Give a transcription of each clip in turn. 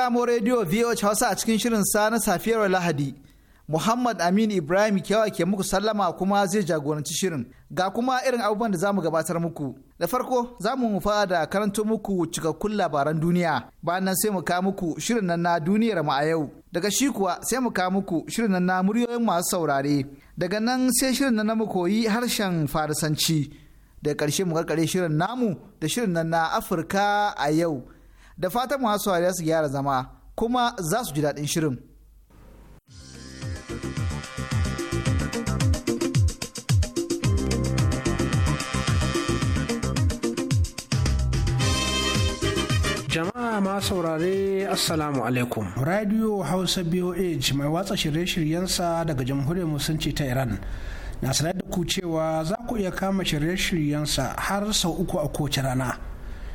kamo rediyo VOH Hausa a cikin shirin sa na safiyar Lahadi. Muhammad Aminu Ibrahim Kyawa ke muku sallama kuma zai jagoranci shirin. Ga kuma irin abubuwan da za mu gabatar muku. Da farko za mu fara da karanto muku cikakkun labaran duniya. Bayan nan sai mu kawo muku shirin nan na duniyar mu a yau. Daga shi kuwa sai mu kawo muku shirin nan na muryoyin masu saurare. Daga nan sai shirin nan na mu koyi harshen Farisanci. Da ƙarshe mu karkare shirin namu da shirin nan na Afirka a yau. da fatan masu za su gyara zama kuma za su ji daɗin shirin. Jama'a ma saurare Assalamu alaikum. Radio Hausa BOH mai watsa shirye-shiryensa daga Jamhuriyar Musulunci ta Iran. Na sanar da ku cewa za ku iya kama shirye-shiryensa har sau uku a kowace rana.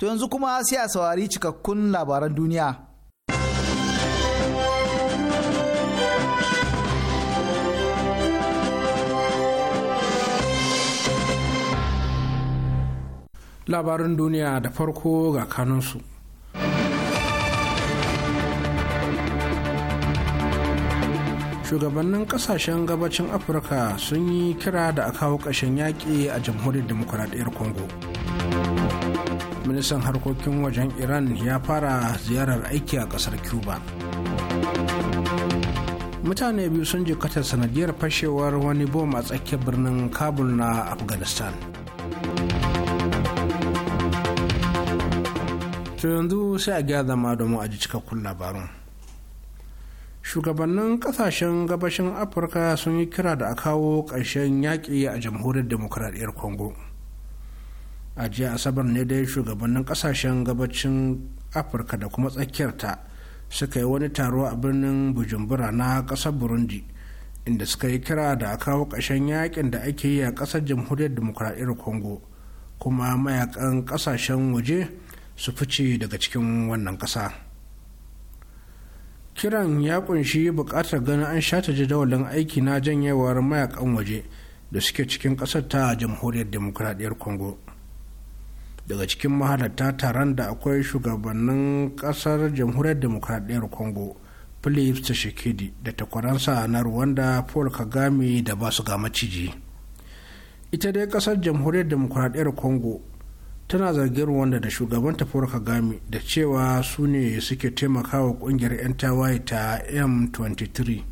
To yanzu kuma sai a saurari cikakkun labaran duniya. Labarin duniya da farko ga kanunsu. shugabannin kasashen gabacin afirka sun yi kira da a kawo ƙashin yaƙi a jamhuriyar demokuraɗiyyar congo ministan harkokin wajen iran ya fara ziyarar aiki a kasar cuba mutane biyu sun jikata sanadiyar fashewar wani bom a tsakiyar birnin kabul na afghanistan to yanzu sai a gyara zama domin a ji cikakkun labarun shugabannin kasashen gabashin afirka sun yi kira da a kawo ƙarshen yaƙi a jamhuriyar demokuraɗiyyar congo a jiya asabar ne dai shugabannin kasashen gabacin afirka da kuma tsakiyarta suka yi wani taro a birnin bujumbura na kasar burundi inda suka yi kira da a kawo ƙashen yakin da ake yi a ƙasar jamhuriyar demokuraɗiyyar congo kuma mayakan ƙasashen waje su fice daga cikin wannan ƙasa kiran ya kunshi buƙatar ganin an shata jadawalin aiki na janyewar mayakan waje da suke cikin ƙasar ta jamhuriyar demokuraɗiyyar congo daga cikin mahalarta taron da akwai shugabannin kasar jamhuriyar demokradiyyar congo philip tshisekedi da takwaransa na rwanda paul kagame da basu ga maciji ita dai kasar jamhuriyar demokradiyyar congo tana zargin rwanda da shugaban paul kagame da cewa su ne suke taimakawa kungiyar 'yan tawaye ta m23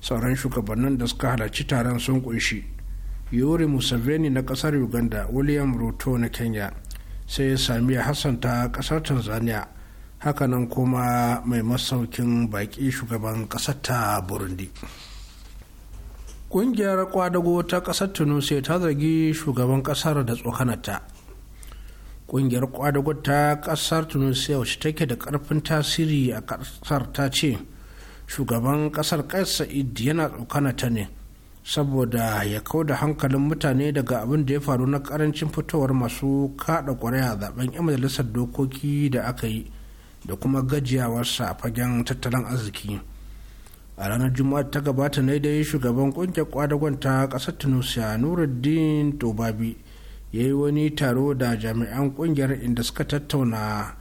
sauran shugabannin da suka halarci taron sun kunshi yori museveni na kasar uganda william ruto na kenya sai ya sami hassan ta kasar tanzania hakanan kuma mai masaukin baki shugaban kasar ta burundi kungiyar kwadago ta kasar tunisia ta zagi shugaban kasar da tsokanata kungiyar kwadago ta kasar tunisia wacce take da karfin tasiri a kasar ta ce shugaban kasar kais sa'id yana tsokanata ne saboda ya kau da hankalin mutane daga abin da ya faru na karancin fitowar masu kada ƙwarya zaben 'yan majalisar dokoki da aka yi da kuma gajiyawarsa a fagen tattalin arziki a ranar juma'a ta gabata ne dai shugaban kungiyar kwadagon ta ƙasar tunisia nuruddin tobabi ya yi wani taro da jami'an kungiyar inda suka tattauna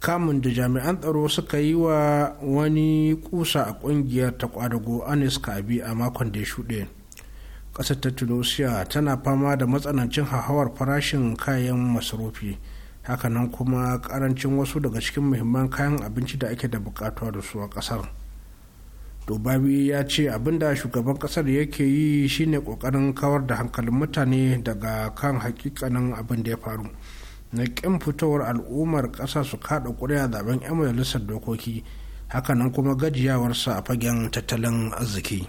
kamun da jami'an tsaro suka yi wa wani kusa a kungiyar ta kwadago anis kabi a makon da ya shuɗe ƙasar ta tunisia tana fama da matsanancin hauhawar farashin kayan masarufi hakanan kuma ƙarancin wasu daga cikin muhimman kayan abinci da ake da bukatuwa da su a ƙasar dubabi ya ce abin da shugaban ƙasar yake yi shine ƙoƙarin kawar da hankalin mutane daga kan hakikanin abin da ya faru na ƙin fitowar al'ummar ƙasa su kaɗa ƙuri'a zaben 'yan majalisar dokoki hakanan kuma gajiyawarsa a fagen tattalin arziki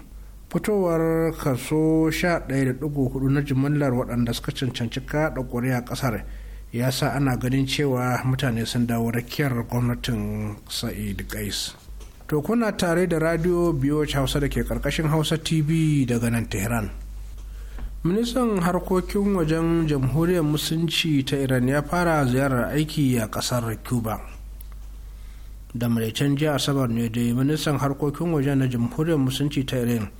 fitowar kaso 11.4 na jimillar waɗanda suka cancanci kaɗa ƙuri'a ƙasar ya sa ana ganin cewa mutane sun dawo rakiyar gwamnatin sa'id kais to kuna tare da radio biyu hausa da ke ƙarƙashin hausa tv daga nan tehran ministan harkokin wajen jamhuriyar musulunci ta iran ya fara ziyarar aiki a kasar cuba da maraicen jiya asabar ne da ministan harkokin wajen na jamhuriyar musulunci ta iran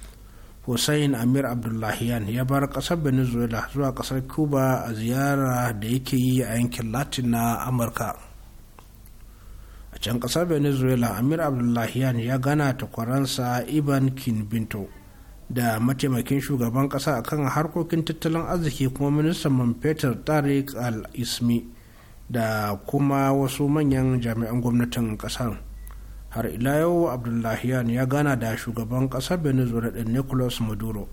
hussain amir abdullahian ya bar kasar venezuela zuwa kasar cuba a ziyara da yake yi a yankin latin na amurka a can kasar venezuela amir abdullahian ya gana takwaransa iban kinbinto da mataimakin shugaban kasa akan harkokin tattalin arziki kuma ministan man fetur tariq al-ismi da kuma wasu manyan jami'an gwamnatin kasar har ila yau abdullahian ya gana da shugaban kasar venezuela da nicolas maduro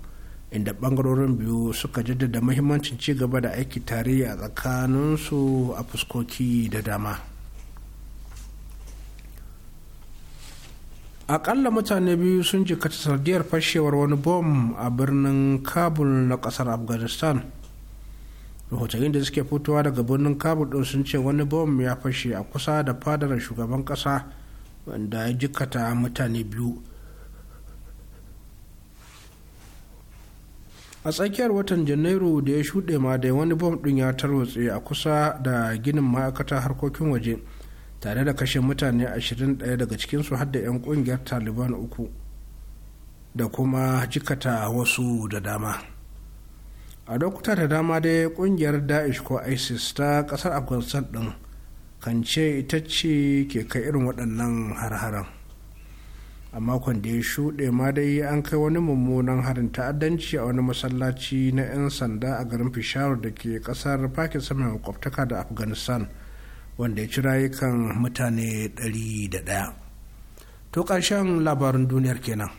inda bangarorin biyu suka jaddada mahimmancin ci gaba da aiki tare a tsakaninsu a fuskoki da dama akalla mutane biyu sun jikata sardiyar fashewar wani bom a birnin kabul na kasar afghanistan rahotannin da suke fitowa daga birnin kabul din sun ce wani bom ya fashe a kusa da fadar shugaban kasa wanda ya jikata mutane biyu a tsakiyar watan janairu da ya shuɗe ma da wani bom ɗin ya tarwatse a kusa da ginin ma'aikatar harkokin waje tare da kashe mutane 21 daga cikinsu har da 'yan kungiyar taliban uku da kuma jikata wasu da dama a lokuta da dama dai kungiyar daesh ko isis ta kasar afghanistan din kan ce ita ce ke kai irin waɗannan har-haren a makon da ya shuɗe ma dai an kai wani mummunan harin ta'addanci a wani masallaci na 'yan sanda a garin fishawar da ke ƙasar pakistan mai makwabtaka da afghanistan wanda ya ci rayukan mutane 101 to ƙarshen labarin duniyar kenan.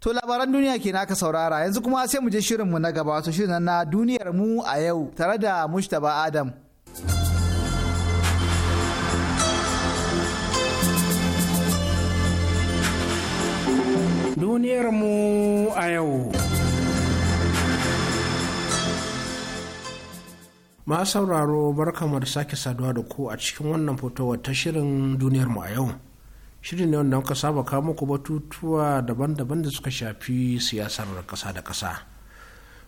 To labaran duniya ke naka saurara yanzu kuma sai mu je shirinmu na gaba su shirin na duniyar mu a yau tare da Mustapha Adam. duniyar mu a yau. Ma sauraro barkamu da sake saduwa da ku a cikin wannan fotowar ta shirin duniyarmu a yau. Shirin ne wanda muka saba kawo muku batutuwa daban-daban da suka shafi siyasar kasa da kasa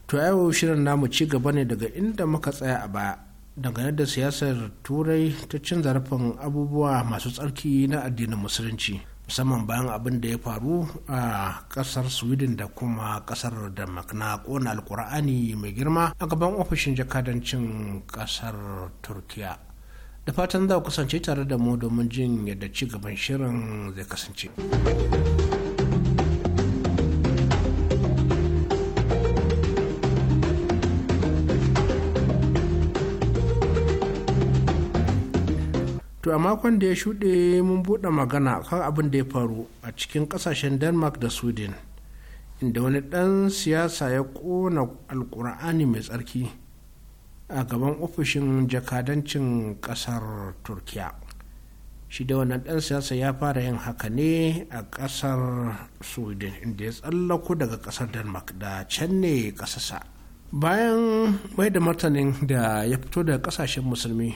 To yau shirin namu ci gaba ne daga inda muka tsaya a baya dangane da siyasar turai ta cin zarafin abubuwa masu tsarki na addinin musulunci. musamman bayan abin da ya faru a kasar sweden da kuma kasar da makna kona alkur'ani mai girma a gaban ofishin jakadancin kasar turkiya da fatan za ku kasance tare da mu domin jin yadda ci gaban shirin zai kasance. a makon da ya shuɗe mun buɗe magana kan abin da ya faru a cikin ƙasashen denmark da sweden inda wani ɗan siyasa ya ƙona alƙur'ani mai tsarki a gaban ofishin jakadancin ƙasar turkiya shi da wannan ɗan siyasa ya fara yin haka ne a ƙasar sweden inda ya tsallako daga ƙasar denmark da can ne ƙasasa bayan mai da martanin da ya fito daga ƙasashen musulmi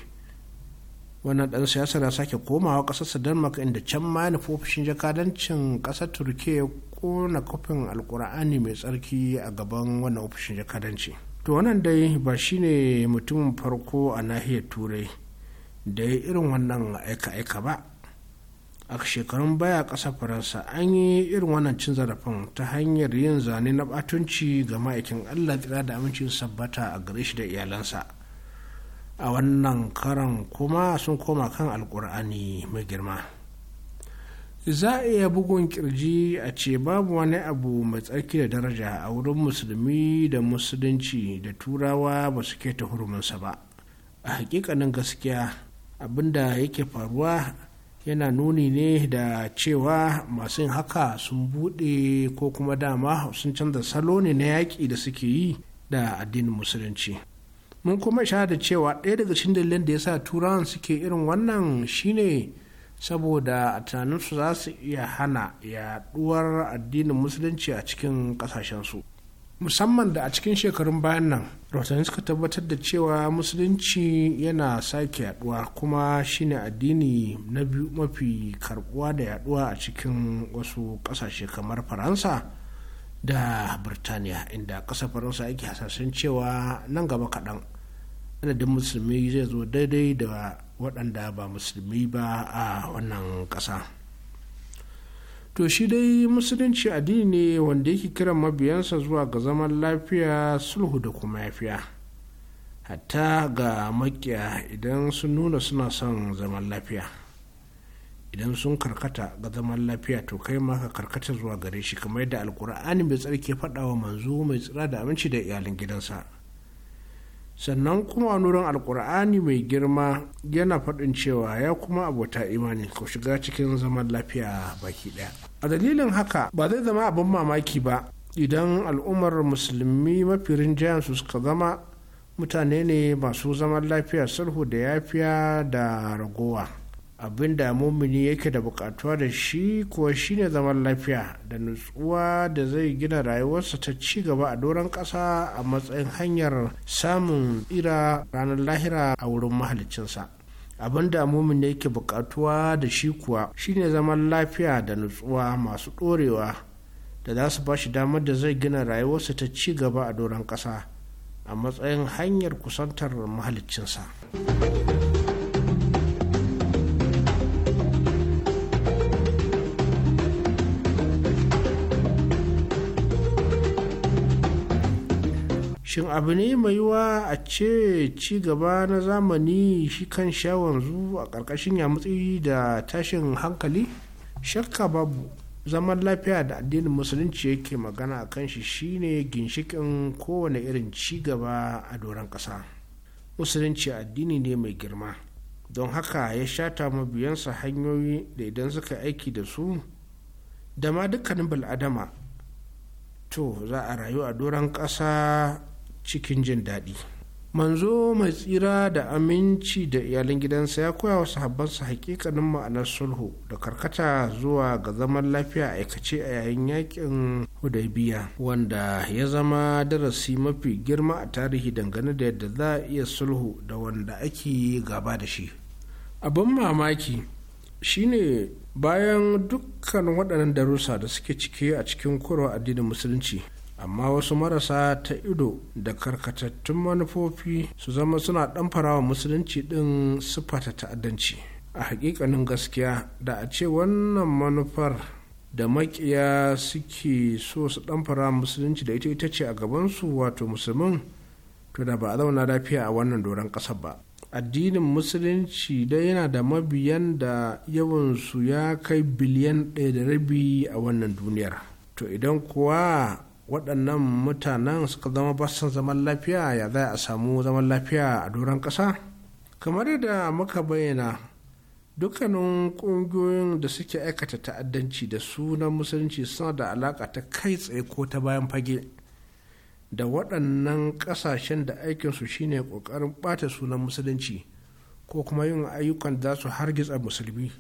wannan dan siyasar ya sake komawa ƙasarsa denmark inda can ma nufi ofishin jakadancin turke ya kona kofin alkur'ani mai tsarki a gaban wannan ofishin jakadanci to wannan dai ba shine mutumin farko a nahiyar turai da ya irin wannan aika-aika ba a shekarun baya ƙasar faransa an yi irin wannan cin zarafin ta hanyar yin zane na batunci ga ma'aikin allah tsira da amincin sabbata a gare shi da iyalansa a wannan karan kuma sun koma kan alkur'ani mai girma za a iya bugun kirji a ce babu wani abu mai tsarki da daraja a wurin musulmi da musulunci da turawa ba su ta huruminsa ba a hakikanin gaskiya abinda yake faruwa yana nuni ne da cewa masu haka sun buɗe ko kuma dama sun canza salo ne na yaƙi da suke yi da addinin musulunci mun kuma da cewa ɗaya daga cikin dalilin da ya sa turawan suke irin wannan shine saboda a tunaninsu za su iya hana yaɗuwar addinin musulunci a cikin ƙasashensu musamman da a cikin shekarun bayan nan rahotanni suka tabbatar da cewa musulunci yana sake yaɗuwa kuma shine addini na biyu mafi karbuwa da yaɗuwa a cikin wasu ƙasashe kamar faransa da birtaniya inda ƙasar faransa ake hasashen cewa nan gaba kaɗan adadin musulmi zai zo daidai da waɗanda ba musulmi ba a wannan ƙasa to shi dai musulunci addini ne wanda yake kiran mabiyansa zuwa ga zaman lafiya sulhu da kuma yafiya hatta ga makiya idan sun nuna suna son zaman lafiya idan sun karkata ga zaman lafiya to kai ma ka karkata zuwa gare shi kamar yadda alkur'ani mai tsarki faɗawa manzo mai tsira da aminci da iyalin gidansa sannan kuma nuran alkur'ani mai girma yana faɗin cewa ya kuma abota imani ku shiga cikin zaman lafiya baki ɗaya a dalilin haka ba zai zama abin mamaki ba idan al'ummar musulmi mafi rinjayen su suka zama mutane ne masu zaman lafiya sulhu da yafiya da ragowa abin da mumini yake da bukatuwa da shi kuwa shine zaman lafiya da nutsuwa da zai gina rayuwarsa ta ci gaba a doron kasa a matsayin hanyar samun tsira ranar lahira a wurin mahalicinsa abin da mumini yake bukatuwa da shi kuwa shine zaman lafiya da nutsuwa masu ɗorewa da za su ba shi damar da zai gina rayuwarsa ta ci gaba a doron kasa a matsayin hanyar kusantar mahalicinsa. shin abu ne mai yiwa a ce ci gaba na zamani shi kan sha wanzu a ƙarƙashin yamutsi da tashin hankali shakka babu zaman lafiya da addinin musulunci yake magana a kan shi shine ginshikin kowane irin ci gaba a doron ƙasa musulunci addini ne mai girma don haka ya shata mabiyansa hanyoyi da idan suka aiki da su da ma dukkanin bil'adama to za a rayu a doron ƙasa cikin jin daɗi manzo mai tsira da aminci da iyalan gidansa ya koya wa sahabbansa hakikanin ma'anar sulhu da karkata zuwa ga zaman lafiya aikace a yayin yakin hudaybiya wanda ya zama darasi mafi girma a tarihi dangane da yadda za a iya sulhu da wanda ake gaba da shi abin mamaki shine bayan dukkan waɗannan darussa da suke cike a cikin kurwa addinin musulunci amma wasu marasa ta ido da karkatattun manufofi su zama suna ɗamfarawa musulunci ɗin siffata ta'addanci a hakikanin gaskiya da a ce wannan manufar da makiya suke so su ɗanfara musulunci da ita ita ce a gabansu wato musulmin to da ba a zauna lafiya a wannan doron ƙasar ba addinin musulunci dai yana da mabiyan da yawansu ya kai biliyan ɗaya da rabi a wannan duniyar to idan kuwa waɗannan mutanen suka zama basan zaman lafiya ya za a samu zaman lafiya a doron ƙasa kamar yadda muka bayyana dukkanin ƙungiyoyin da suke aikata ta'addanci da sunan musulunci suna da alaƙa ta kai tsaye ko ta bayan fage da waɗannan ƙasashen da aikinsu shine ƙoƙarin ɓata sunan musulunci ko kuma yin ayyukan da su hargitsa musulmi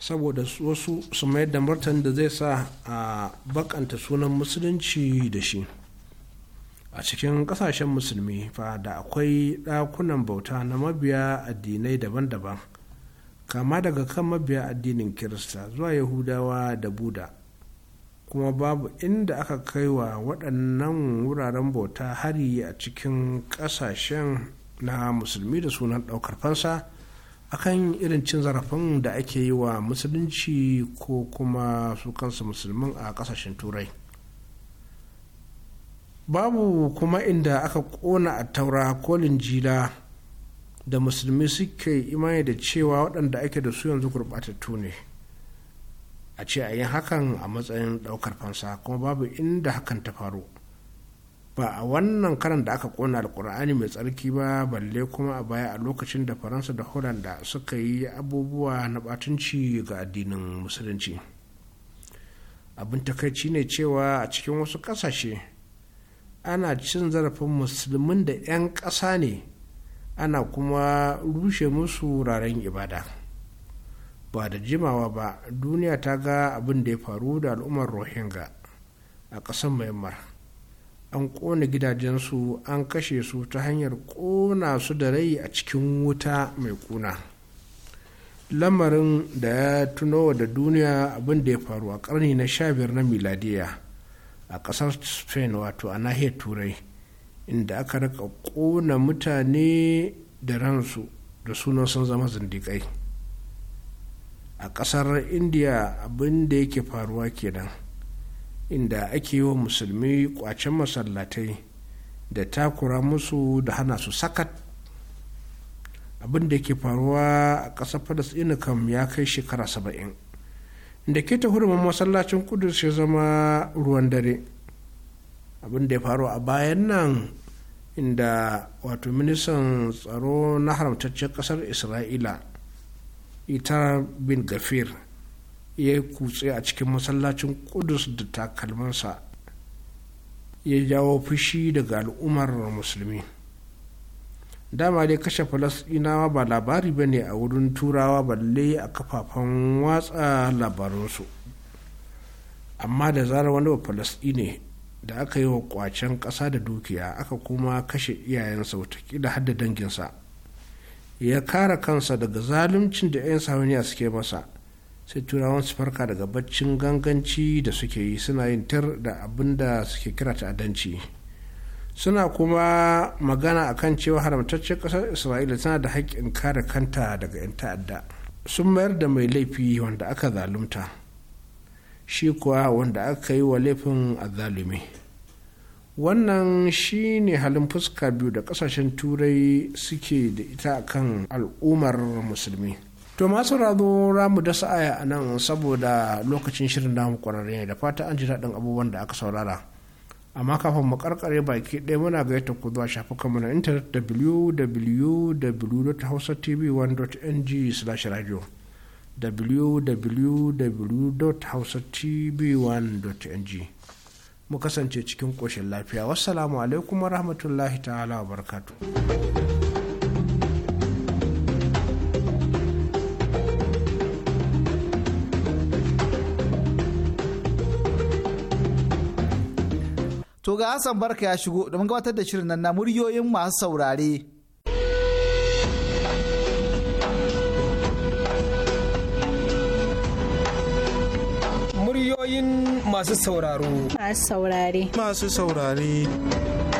saboda wasu su mayar da martan da zai sa a bakanta sunan musulunci da shi a cikin kasashen musulmi fa da akwai ɗakunan bauta na mabiya addinai daban-daban kama daga kan mabiya addinin kirista zuwa yahudawa da buda kuma babu inda aka kai wa waɗannan wuraren bauta hari a cikin ƙasashen na musulmi da sunan ɗaukar fansa akan irin cin zarafin da ake yi wa musulunci ko kuma su kansu musulmin a kasashen turai babu kuma inda aka kona a taura ko linjila da musulmi suke imani da cewa waɗanda ake da su yanzu gurɓatattu ne a ce a yin hakan a matsayin ɗaukar fansa kuma babu inda hakan ta faru ba a wannan karan da aka kona alkur'ani mai tsarki ba balle kuma a baya a lokacin da faransa da holanda suka yi abubuwa na batunci ga addinin musulunci abin takaici ne cewa a cikin wasu ƙasashe ana cin zarafin musulmin da 'yan ƙasa ne ana kuma rushe musu wuraren ibada ba da jimawa ba duniya ta ga abin da ya faru da al'ummar rohingya a ƙasar myanmar an ƙona gidajensu an kashe su ta hanyar ƙona su da rai a cikin wuta mai ƙuna lamarin da ya tuno da duniya abin da ya faru a ƙarni na 15 na miladiya a ƙasar spain wato a nahiyar turai inda aka rika ƙona mutane da ransu da sunan sun zama zindiƙai a ƙasar indiya abin da yake faruwa kenan. inda ake yi wa musulmi kwacen masallatai da takura musu da hana su sakat abin da ke faruwa a ƙasar falasɗina kam ya kai shekara saba'in da ke ta hurumin masallacin kudus ya zama ruwan dare abin da ya faru a bayan nan inda wato ministan tsaro na haramtaccen ƙasar isra'ila ita bin gafir ya kutse a cikin masallacin kudus da takalmansa ya jawo fushi daga al'ummar musulmi dama dai kashe falasɗinawa ba labari ba ne a wurin turawa balle a kafafen watsa labarunsu. amma da zarar wani falasɗine da aka yi wa kwacen ƙasa da dukiya aka kuma kashe iyayensa watakila har da danginsa ya kara kansa daga zaluncin da 'yan sauniya suke masa sai turawan su farka daga baccin ganganci da suke yi suna yin tir da abin da suke kira ta'addanci suna kuma magana a kan cewa haramtaccen ƙasar isra'ila tana da haƙƙin kare kanta daga 'yan ta'adda sun mayar da mai laifi wanda aka zalunta shi kuwa wanda aka yi wa laifin azalumi wannan shi ne halin fuska biyu da ƙasashen turai suke da ita akan al'ummar musulmi to masu rado ramu da sa'aya a nan saboda lokacin shirin namu kwararre ne da fata an ji daɗin abubuwan da aka saurara amma kafin mu karkare baki ɗaya muna gayyata ku zuwa shafukanmu na intanet www.hausatv1.ng slash radio www.hausatv1.ng mu kasance cikin ƙoshin lafiya wassalamu alaikum wa rahmatullahi ta'ala wa barkatu. ga Hassan Barka ya shigo domin gabatar da shirin nan na muryoyin masu saurare. Muryoyin masu sauraro. Masu saurare. Masu saurare.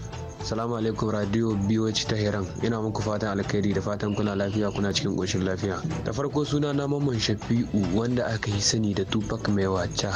Salamu alaikum radio BOH heran Ina muku fatan alkhairi da fatan kuna lafiya kuna cikin ƙoshin lafiya. Da farko suna na Mamman Shafi'u wanda aka yi sani da Tupac mai wacca.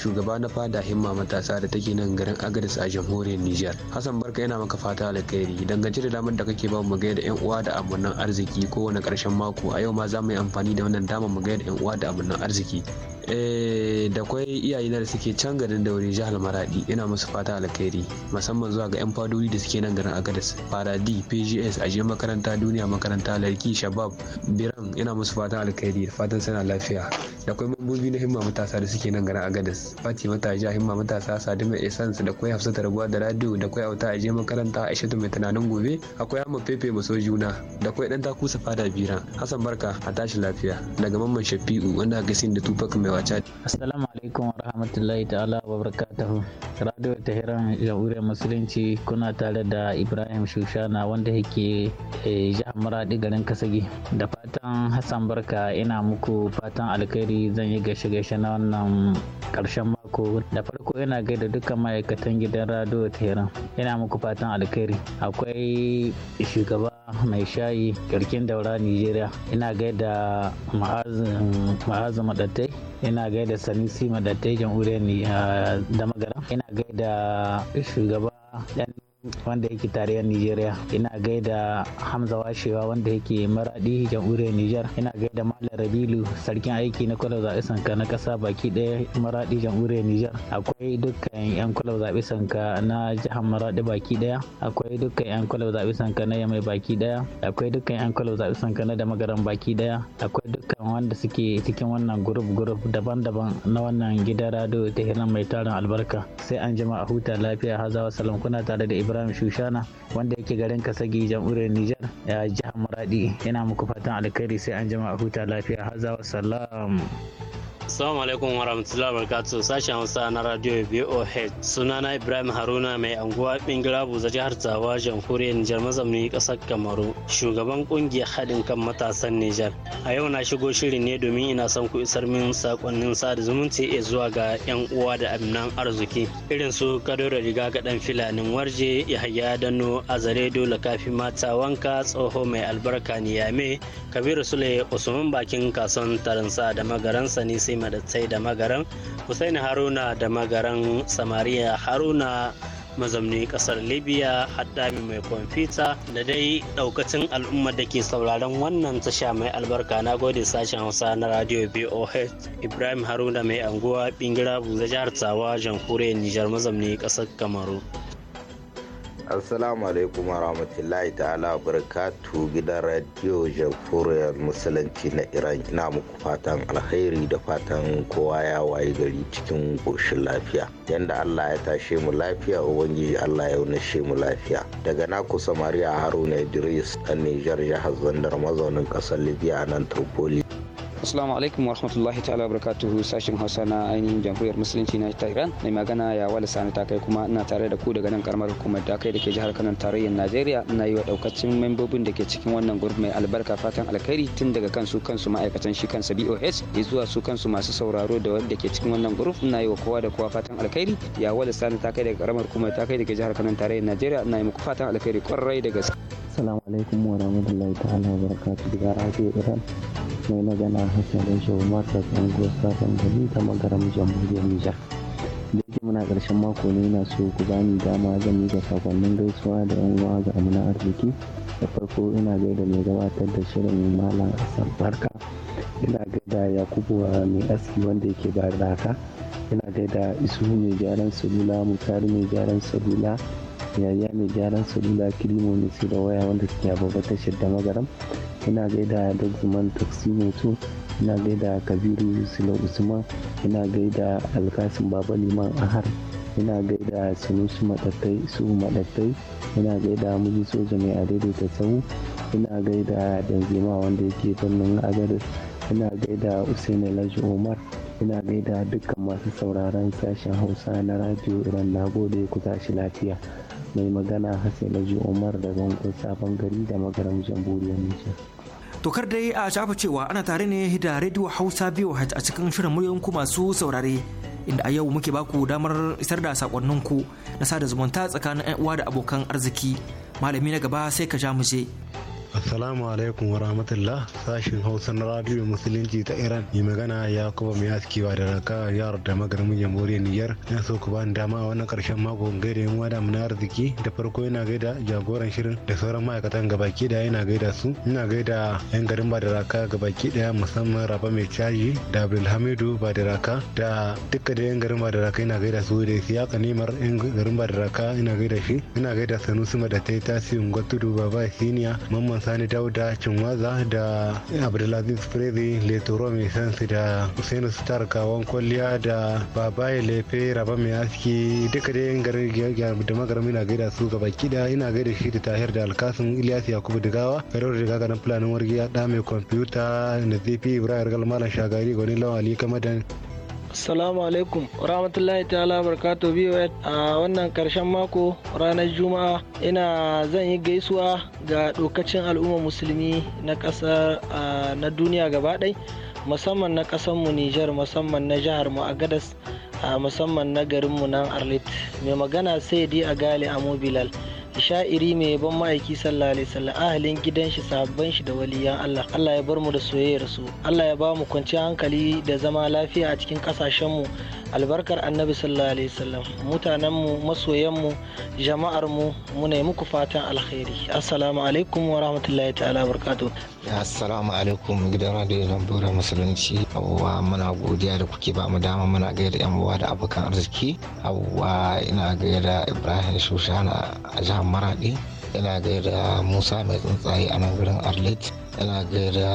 Shugaba na fada himma matasa da take nan garin Agadis a jamhuriyar Nijar. Hassan Barka yana maka fata alkhairi. Dangance da damar da kake ba mu da yan uwa da abunan arziki kowane karshen mako a yau ma za mu yi amfani da wannan damar mu da yan uwa da abunan arziki. Eh, da kwai iyayena da suke can garin wuri jihar maradi ina musu fata alkhairi musamman zuwa ga yan fadoli da suke nan garin agadas faradi pgs aje makaranta duniya makaranta larki shabab biran ina musu fata alkhairi fatan suna lafiya da kwai mambobi na himma matasa da suke nan garin agadas fati ta himma matasa sadima essence da kwai hafsata rabuwa da radio da kwai auta aje makaranta aishatu mai tunanin gobe akwai amma pepe maso juna da kwai dan takusa fada biran hasan barka a tashi lafiya daga mamman shafi'u wanda ga sin da tupac mai wa Assalamu alaikum wa rahmatullahi ta'ala wa barakatuhu. radio tehran jamhuriyar musulunci kuna tare da ibrahim shushana wanda yake eh, jihar maradi garin kasagi da fatan hassan barka ina muku fatan alkhairi zan yi gaishe-gaishe na wannan karshen mako da farko ina gaida dukkan ma'aikatan gidan radio tehran ina muku fatan alkhairi akwai shugaba mai shayi garkin daura nigeria ina gaida ma'azu madattai ina gaida sanisi madattai jamhuriyar ah, da magana agenda isu gabah dan wanda yake tarayyar Nijeriya. Ina gaida Hamza Washewa wanda yake maradi jamhuriyar Nijar. Ina gaida Malam Rabilu sarkin aiki na kwalar zaɓe sanka na ƙasa baki ɗaya maradi jamhuriyar Nijar. Akwai dukkan 'yan kwalar zaɓe sanka na jihar maradi baki ɗaya. Akwai dukkan 'yan kwalar zaɓe sanka na yamai baki ɗaya. Akwai dukkan 'yan kwalar zaɓe sanka na damagaran baki ɗaya. Akwai dukkan wanda suke cikin wannan gurup gurup daban-daban na wannan gidan rado ta mai tarin albarka. Sai an jima a huta lafiya hazawa salam kuna tare da Ibrahim Ibrahim Shushana wanda yake garin Kasagi jamhuriyar Nijar jihar Maradi yana muku fatan alkhairi sai an jama'a huta lafiya hazawa salam. Assalamu alaikum wa rahmatullahi wa barakatuh sashen Hausa na Radio BOH. Sunana Ibrahim Haruna mai anguwa Bingila Buza jihar Tawa jamhuriyar Nijar mazamni kasar Kamaru. Shugaban kungiyar haɗin kan matasan Nijar. A yau na shigo shirin ne domin ina son ku isar min sakonnin sada zumunci e zuwa ga yan uwa da abinan arziki. Irin su Kadoro Riga ga dan filanin warje Yahaya Dano Azare Dole Kafi Mata Wanka Tsoho mai albarka Niyame Kabiru Sule Usman bakin kason Taransa da magaransa ne sai Ibrahim da Magaran, Hussein Haruna da Magaran Samariya Haruna mazamni kasar libya haddami mai kwamfuta da dai daukacin al'ummar da ke sauraron wannan tasha mai albarka na gode sashen hausa na radio boh ibrahim haruna mai anguwa bingira buza jihar tawa jamhuriyar nijar mazamni kasar kamaru assalamu alaikum warahmatullahi ta'ala barakatu gidan radio jamhuriyar musulunci na iran ina muku fatan alkhairi da fatan kowa ya wayi gari cikin ƙoshin lafiya yanda allah ya tashe mu lafiya ubangiji allah ya shi mu lafiya daga na naku haro haruna idris dan nijar jihar zandar mazaunin ƙasar libya nan Tripoli Assalamu alaikum wa rahmatullahi ta'ala wa barakatuhu sashen Hausa na ainihin jamhuriyar musulunci na ta Iran. Mai magana ya wala sani ta kai kuma ina tare da ku daga nan karamar hukumar da kai da ke jihar Kano tarayyar Najeriya. Ina yi wa daukacin membobin da ke cikin wannan gurbi mai albarka fatan alkhairi tun daga kansu kansu ma'aikatan shi kansa BOH ya zuwa su kansu masu sauraro da wanda ke cikin wannan gurbi ina yi wa kowa da kowa fatan alkhairi. Ya wala sani ta kai daga karamar hukumar da kai da ke jihar Kano tarayyar Najeriya ina yi muku fatan alkhairi kwarai da gaske. Assalamu alaikum wa rahmatullahi ta'ala wa barakatuhu daga Radio Iran. Mai magana harshen ɗan shugaba ta tsanguwar safan gari ta magaram jamhuriyar nijar da yake muna ƙarshen mako ne na so ku bani dama zan yi da sakonnin gaisuwa da yan uwa ga amina arziki da farko ina gaida mai gabatar da shirin malam Hassan barka ina gaida yakubu mai aski wanda yake ba raka ina gaida isu mai gyaran salula mutari mai gyaran salula yaya mai gyaran salula kirimo mai sai da waya wanda suke abubuwa tashar da magaram ina gaida da zuman taksi mai ina gaida kabiru sila usman ina gaida alkasin baba liman ahar ina gaida sunusu madattai su madattai ina gaida miji soja mai ta sau ina gaida danzima wanda yake birnin agadar ina gaida usain alhaji umar ina gaida dukkan masu sauraron sashen hausa na radio iran na gode ku tashi lafiya mai magana hassan alhaji umar da zangon sabon gari da magaram jamhuriyar nijar To dai a shafa cewa ana tare ne da rediyo Hausa VOH a cikin shirin muryoyin ku masu saurare inda a yau muke baku damar isar da sakonnin ku na sada zumunta tsakanin uwa da abokan arziki. Malami na gaba sai ka ja mu je. Assalamu alaikum wa rahmatullah Sashen Hausa na Radio Musulunci ta Iran mai magana ya kuma mai ba da raka yar da magarmin jamhuriyar Niger na so ku bani dama a wannan karshen mako in gaida yan wada mun arziki da farko yana gaida jagoran shirin da sauran ma'aikatan gabaki da yana gaida su ina gaida yan garin ba raka gabaki daya musamman Raba mai caji da Hamidu ba da duka da yan garin ba raka ina gaida su da Siyaka Nemar yan garin ba raka ina gaida shi ina gaida Sanusi Madatai Tasi Ungwatudu Baba Siniya Mamman sani dauda cinwaza da abdulaziz frezi letoro mai sansu da Usainu star kawon kwalliya da babaye lefe raba mai aski duka dai yin garin da magarami na gaida su gaba kida ina gaida shi da tahir da alkasin ilyas yakubu digawa garo da daga na fulanin wargiya da mai kwamfuta na zafi ibrahim galmalan shagari gwani Lawali kamadan salamu alaikum rahmatullahi ta'ala barkatu biyu a wannan karshen mako ranar juma'a ina zan yi gaisuwa ga dokacin al'umma musulmi na ƙasa na duniya gaba musamman na mu Nijar musamman na jihar mu Agadas musamman na garinmu nan Arlit mai magana sai dai a gali a mobilal. sha'iri mai yabon ma'aiki sallallahu alaihi wasallam ahalin gidan shi sahabban shi da waliyan Allah Allah ya bar mu da soyayyar su Allah ya ba mu kwanciyar hankali da zama lafiya a cikin kasashen mu albarkar annabi sallallahu alaihi wasallam mutanenmu masoyanmu jama'armu mu ne muku fatan alkhairi assalamu alaikum wa rahmatullahi ta'ala barkatu assalamu alaikum gidan radio lambura musulunci abubuwa muna godiya da kuke ba mu dama muna gaida yan uwa da abokan arziki abubuwa ina gaida ibrahim shushana a jihar maradi ina gaida musa mai tsuntsaye a nan garin arlet ina gaida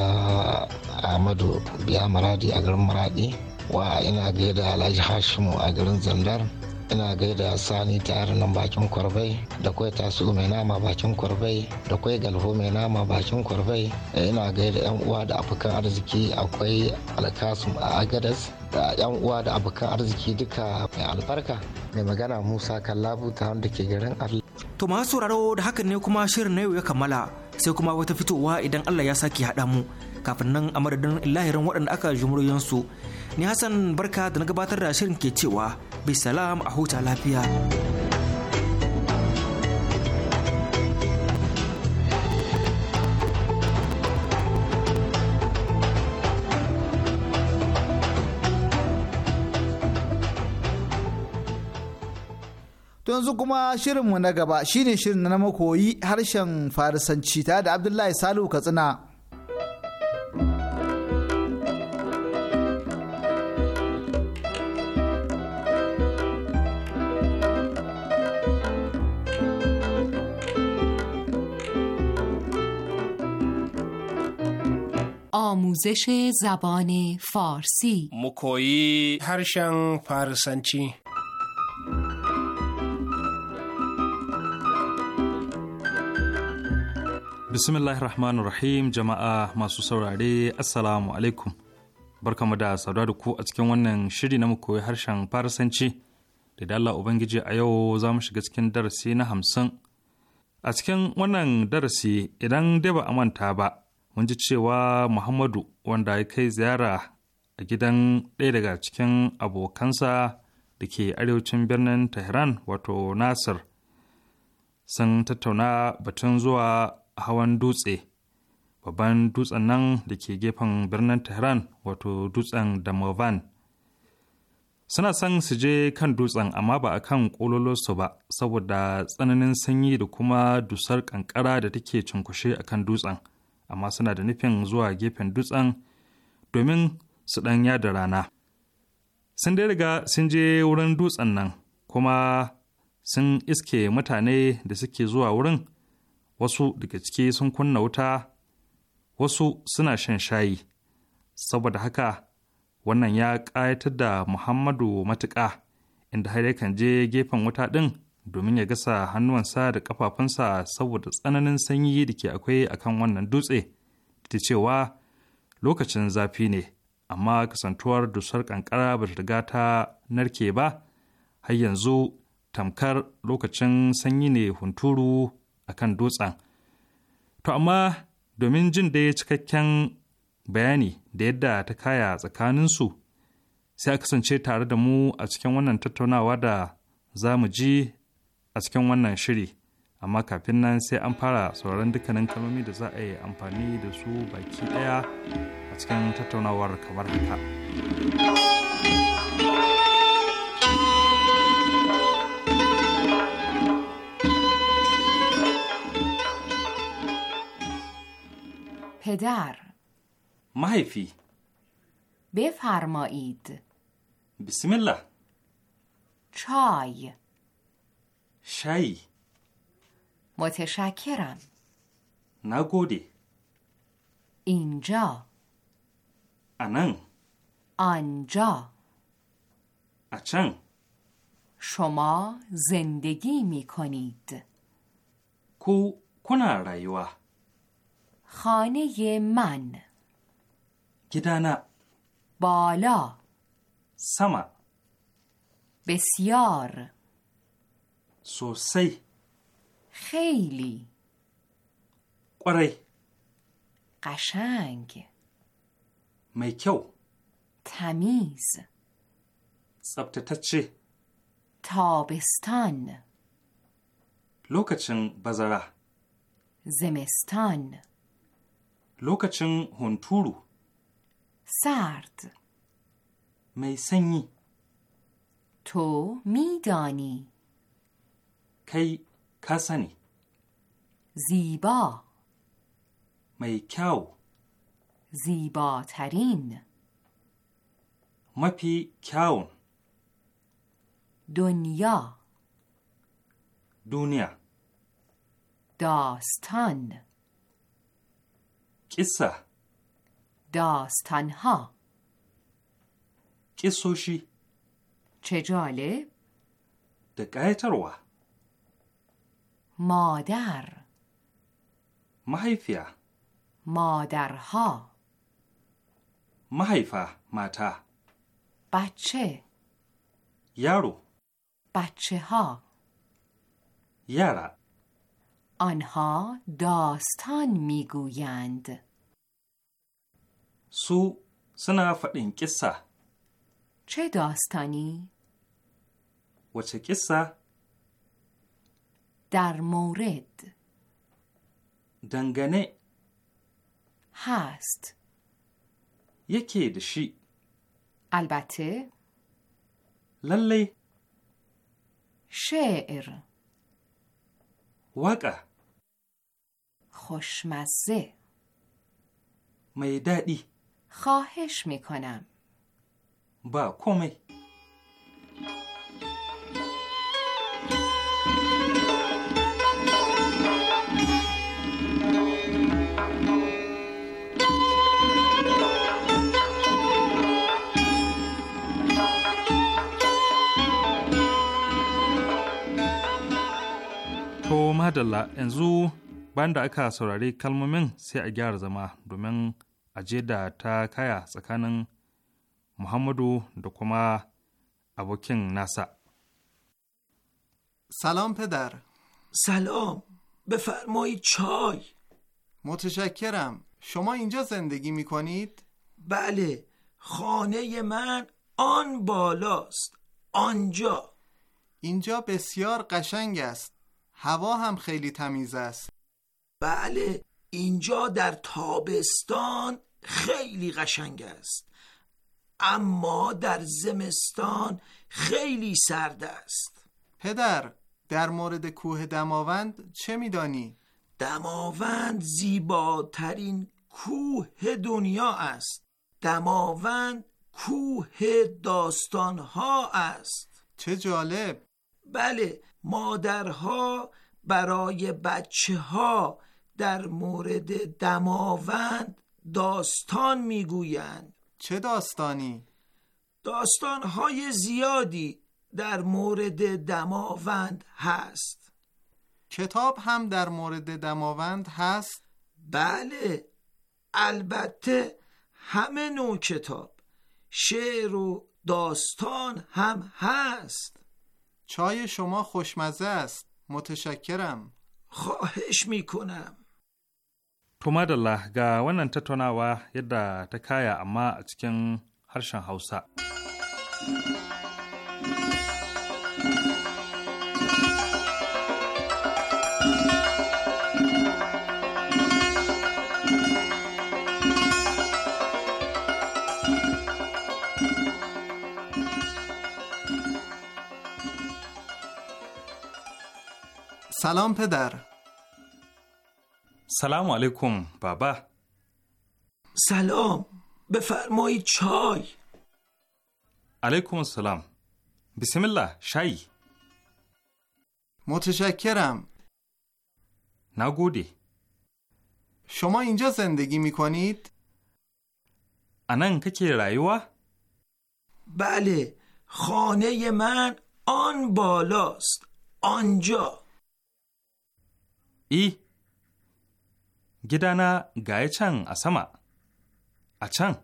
ahmadu biya maradi a garin maradi wa ina gaida alhaji hashimu a garin zandar ina gaida sani tare nan bakin kwarbai da kwai tasu mai nama bakin kwarbai da kwai galho mai nama bakin kwarbai eh, ina gaida yan uwa da abokan arziki akwai alkasum a agadas da yan uwa da abokan arziki duka mai albarka mai magana musa kallabu ta wanda ke garin allah to masu sauraro da hakan ne kuma shirin na yau ya kammala sai kuma wata fitowa idan allah ya sake haɗa mu kafin nan a madadin lahirin waɗanda aka jumuriyansu ni hassan barka da na gabatar da shirin ke cewa bai salam a huta lafiya yanzu kuma shirinmu na gaba shine shirin na makoyi harshen farisanci tare da abdullahi salihu katsina آموزش زبان فارسی مکویی هرشن فارسنچی بسم الله الرحمن الرحيم جماعة masu saurare assalamu alaikum barkamu da saduwa da ku a cikin wannan shiri na koyi harshen farisanci da dalla ubangiji a yau za mu shiga cikin darasi na hamsin a cikin wannan darasi idan dai ba a manta ba mun ji cewa muhammadu wanda ya kai ziyara a gidan ɗaya daga cikin abokansa da ke arewacin birnin tehran wato nasir sun tattauna batun zuwa hawan dutse babban dutsen nan da ke gefen birnin tehran wato dutsen damavan suna san su je kan dutsen amma ba a kan ƙololonsu ba saboda tsananin sanyi da kuma dusar ƙanƙara da take cunkushe a kan dutsen amma suna da nufin zuwa gefen dutsen domin su ɗan yada rana sun dai riga sun je wurin dutsen nan kuma sun iske mutane da suke zuwa wurin wasu daga ciki sun kunna wuta wasu suna shan shayi saboda haka wannan ya ƙayatar da muhammadu matuƙa inda har yakan je gefen wuta ɗin domin ya gasa hannuwansa da kafafunsa saboda tsananin sanyi da ke akwai akan wannan dutse da cewa lokacin zafi ne amma kasantuwar dusar kankara ba ta riga ta narke ba har yanzu tamkar lokacin sanyi ne hunturu akan dutsen to amma domin jin da cikakken bayani da yadda ta kaya tsakaninsu sai a kasance tare da mu a cikin wannan tattaunawa da za mu ji a cikin wannan shiri amma kafin nan sai an fara sauran dukkanin kalmomi da za a yi amfani da su baki ɗaya a cikin tattaunawar kamar haka. پدر محیفی بفرمایید بسم الله چای شی متشکرم نگودی اینجا انن آنجا اچن شما زندگی می کنید کو کنا خانه من گدانا بالا سما بسیار سوسی خیلی قرای قشنگ میکو تمیز سبت تچی تابستان لوکچن بزرا زمستان لوکچن هونتورو سرد می تو میدانی kai ka sani ziba mai kyau ziba tarin mafi kyawun duniya duniya dastan kisa dastan ha kisoshi cejale da ƙayatarwa مادر محیفیه مادرها محیفه ماتا بچه یارو بچه ها یارا آنها داستان میگویند سو سنا فدین قصه چه داستانی؟ و چه قصه؟ در مورد دنگنه هست یکی دشی البته للی شعر وقع خوشمزه میدادی خواهش میکنم با کمی madalla yanzu banda aka saurari kalmomin sai a gyara zama domin je da ta kaya tsakanin muhammadu da kuma abokin nasa سلام پدر سلام بفرمایید چای متشکرم شما اینجا زندگی می کنید؟ بله خانه من آن بالاست آنجا اینجا بسیار قشنگ است هوا هم خیلی تمیز است بله اینجا در تابستان خیلی قشنگ است اما در زمستان خیلی سرد است پدر در مورد کوه دماوند چه میدانی؟ دماوند زیباترین کوه دنیا است دماوند کوه داستان ها است چه جالب بله مادرها برای بچه ها در مورد دماوند داستان میگویند چه داستانی؟ داستانهای زیادی در مورد دماوند هست کتاب هم در مورد دماوند هست؟ بله البته همه نوع کتاب شعر و داستان هم هست چای شما خوشمزه است. متشکرم. خواهش می کنم. To madalla ga wannan tattaunawa yadda ta kaya amma a cikin harshen Hausa. سلام پدر سلام علیکم بابا سلام بفرمایید چای علیکم السلام بسم الله شای متشکرم نگودی شما اینجا زندگی می کنید؟ انان که رایوا؟ بله خانه من آن بالاست آنجا ای گیدانا گای چن اسما اچن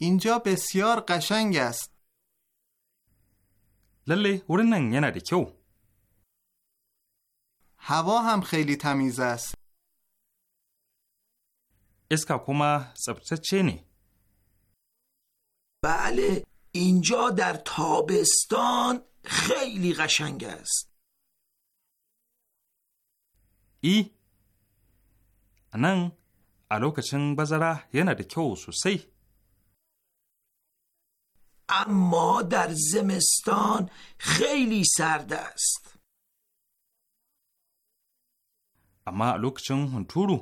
اینجا بسیار قشنگ است لله ورنن ینا ده هوا هم خیلی تمیز است اسکا کما سبتچه نی بله اینجا در تابستان خیلی قشنگ است I, a nan a lokacin bazara yana da kyau sosai. Amma dar zimistan khaili sard Amma lokacin hunturu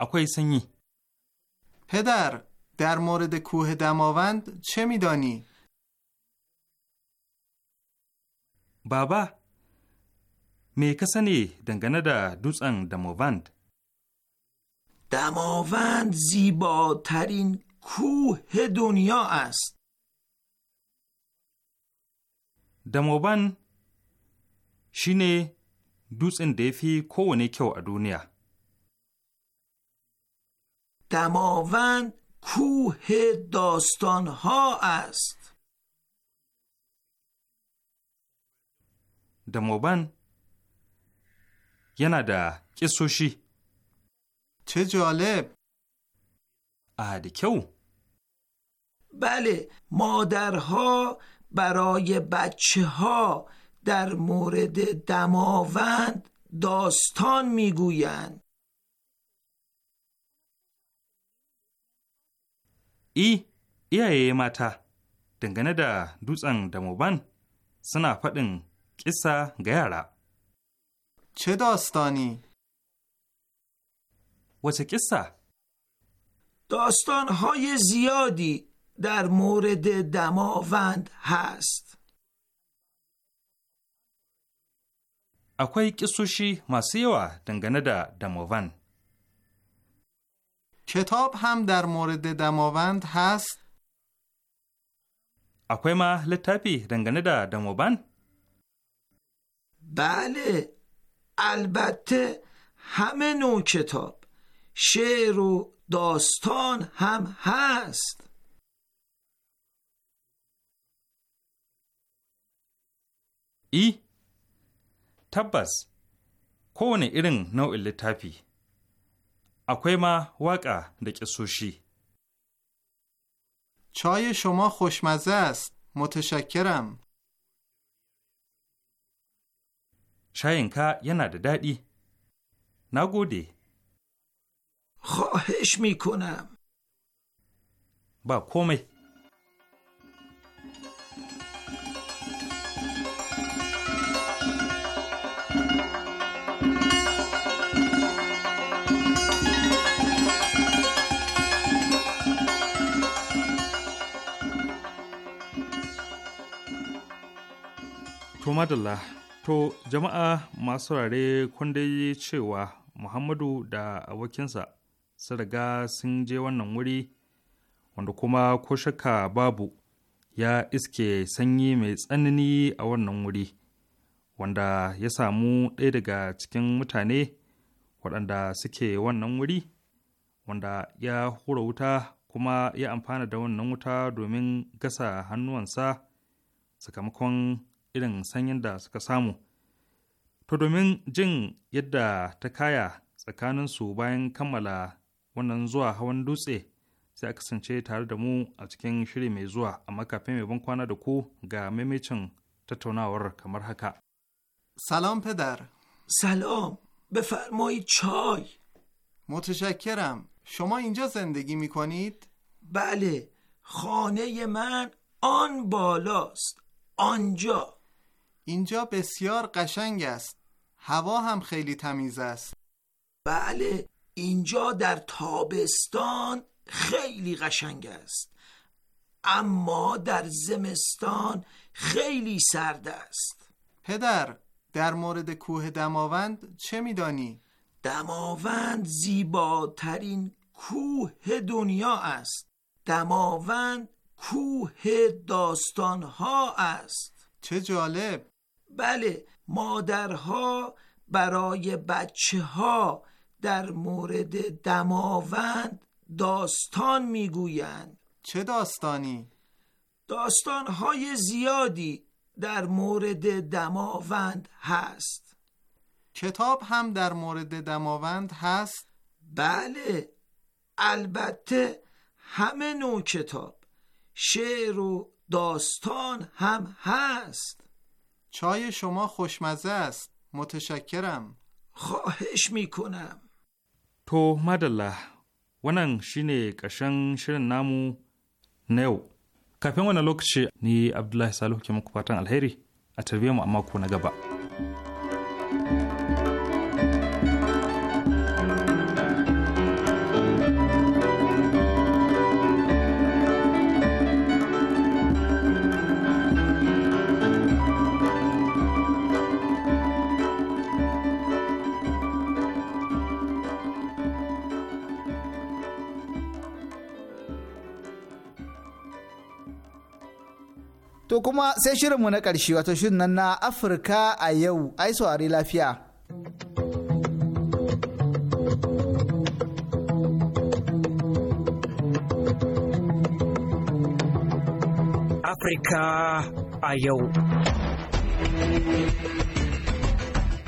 akwai sanyi. Pedar, در مورد کوه دماوند چه می کسانی دنگنه دا دوزن دماوند دماوند زیباترین کوه دنیا است دماوند شینه دوزن دیفی کوونه کیو دنیا دماوند کوه داستان ها است دماوند یه ده که سوشی چه جالب اهد که بله مادرها برای بچه ها در مورد دماوند داستان میگویند ای iyaye mata dangane da dutsen damoban suna faɗin ƙisa ga چه داستانی؟ وچه داستان های زیادی در مورد دماوند هست اکوی کسوشی ماسیوا دنگنه دا دماوند کتاب هم در مورد دماوند هست اکوی ما لطفی دنگنه دا دماوند بله البته همه نوع کتاب شعر و داستان هم هست ای تبس کونه ایرن nau'in لتافی اکوی ما واقع da سوشی چای شما خوشمزه است متشکرم Shayinka yana da daɗi. Na gode. خواهش میکنم Ba komai. To madalla To jama'a masu rare kun cewa Muhammadu da abokinsa sun riga sun je wannan wuri wanda kuma ko shakka babu ya iske sanyi mai tsanani a wannan wuri wanda ya samu ɗaya daga cikin mutane waɗanda suke wannan wuri wanda ya hura wuta kuma ya amfana da wannan wuta domin gasa hannuwansa sakamakon irin sanyin da suka samu to domin jin yadda ta kaya tsakaninsu bayan kammala wannan zuwa hawan dutse sai a kasance tare da mu a cikin shiri mai zuwa amma kafin mai ban kwana da ku ga maimacin tattaunawar kamar haka سلام پدر سلام بفرمایید چای متشکرم شما اینجا زندگی می کنید؟ بله خانه من آن بالاست آنجا اینجا بسیار قشنگ است هوا هم خیلی تمیز است بله اینجا در تابستان خیلی قشنگ است اما در زمستان خیلی سرد است پدر در مورد کوه دماوند چه میدانی؟ دماوند زیباترین کوه دنیا است دماوند کوه داستان ها است چه جالب بله مادرها برای بچه ها در مورد دماوند داستان میگویند چه داستانی؟ های زیادی در مورد دماوند هست کتاب هم در مورد دماوند هست؟ بله البته همه نوع کتاب شعر و داستان هم هست چای شما خوشمزه است. متشکرم. خواهش میکنم. To madalla wannan shine ƙarshen shirin namu na yau. Kafin wani lokaci ni Abdullahi Salihu ke muku fatan alheri a tarbiyyar mu a mako na gaba. thank you To kuma sai shirinmu na ƙarshe wato shirin nan na Afirka a yau ai saurari lafiya. Afirka a yau.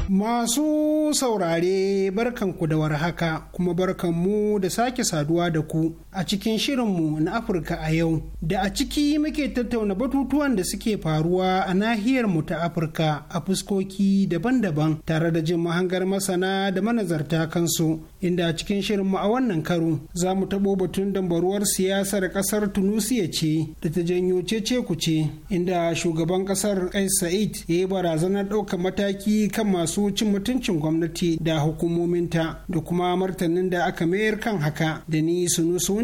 Masu saurare barkanku da warhaka kuma barkanmu da sake saduwa da ku. a cikin shirinmu na Afirka a yau da a ciki muke tattauna batutuwan da suke faruwa a nahiyar mu ta Afirka a fuskoki daban-daban tare da jin mahangar masana da manazarta kansu inda a cikin shirinmu a wannan karo za mu taɓo batun dambaruwar siyasar ƙasar Tunusiya ce da ta janyo cece kuce inda shugaban ƙasar Kais Sa'id ya yi barazanar ɗaukar mataki kan masu cin mutuncin gwamnati da hukumominta da kuma martanin da aka mayar kan haka da ni sunusu